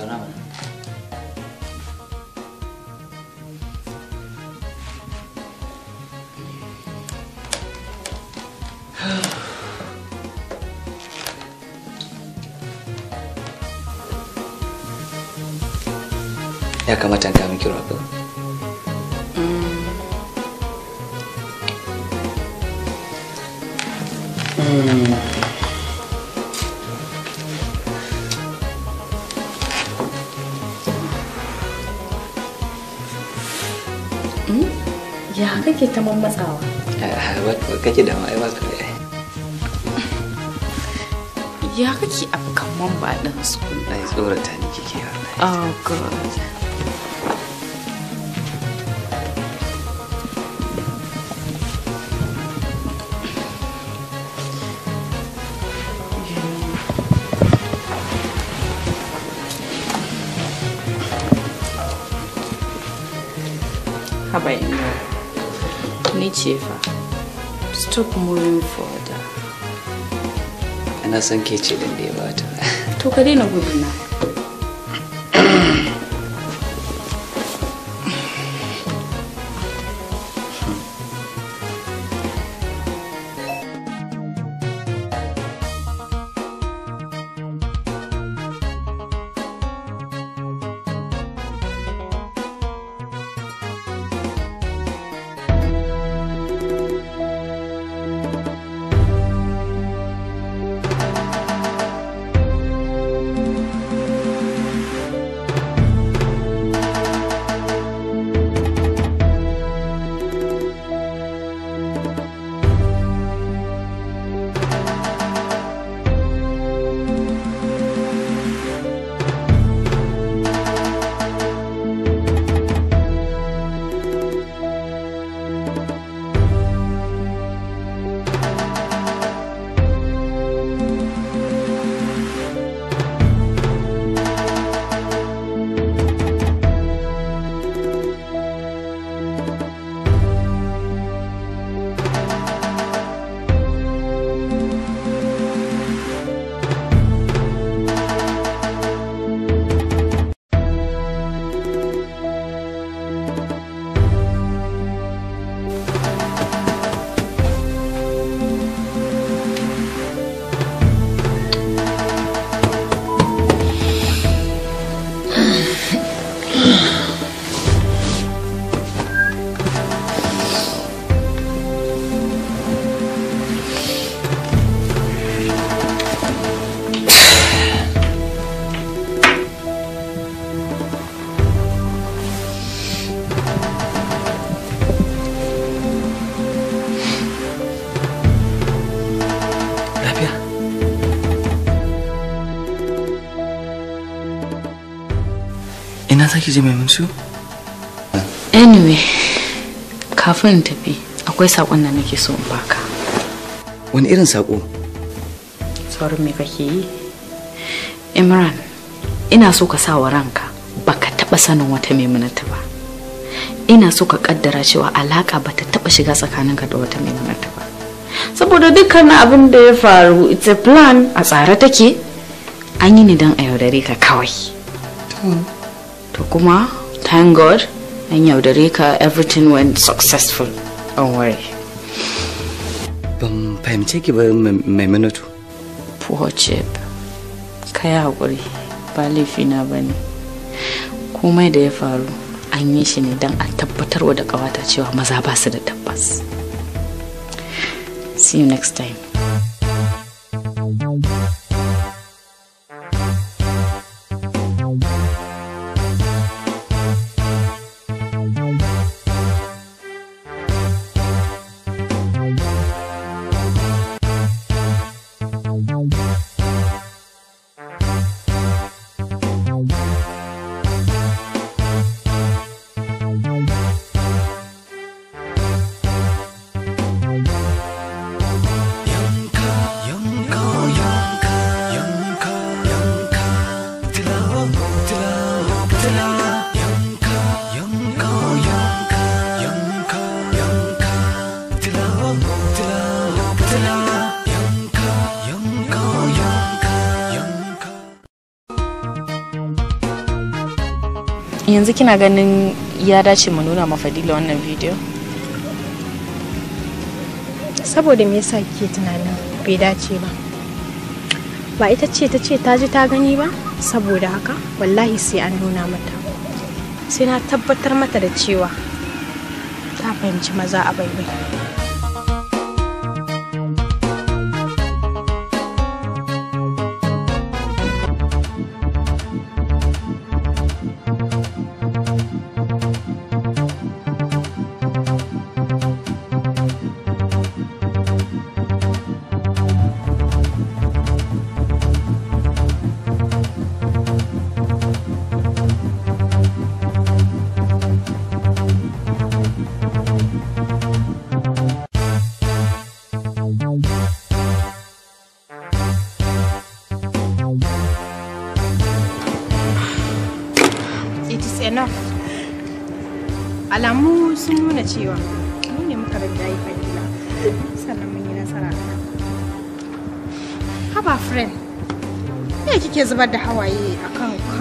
사람 ya kamata in kamin kiro abin Mm. Hmm? ya kake ta mammatsawa ah, kake da ma'aiwa kawai ya kake abu mamba ɗin su ai tsorata ni kike oh god haba ina ni ce fa stop moving forward ana son ke ce din da ya bata to ka daina guduna za ki mai anyway kafin in tafi akwai saƙon da nake so in baka wani irin saƙo? saurin me kake yi imran ina so ka sa wa ranka baka taɓa sanin wata maimunata ba ina so ka ƙaddara cewa alaƙa ba ta taɓa shiga ka da wata maimunata ba saboda dukkan abin da ya faru it's a plan a tsare take an yi ni don a yaudare ka kawai to kuma thank god an yaudare ka everything went successful don't worry ban fahimce ki ba poor chip ka yi haƙuri ba laifina ba ne komai da ya faru an yi shi ne don a tabbatarwa da ƙawata cewa maza ba su da tabbas see you next time yanzu kina ganin ya dace mu nuna ma fadila wannan bidiyo saboda me yasa kike tunanin bai dace ba ba ita ce ta ce ta ji ta gani ba saboda haka wallahi sai an nuna mata sai na tabbatar mata da cewa ta fahimci maza a bai baibai alamu sun nuna cewa mu ne muka rage yi fadila sannan mun yi nasara haba friend me kike zubar da hawaye akan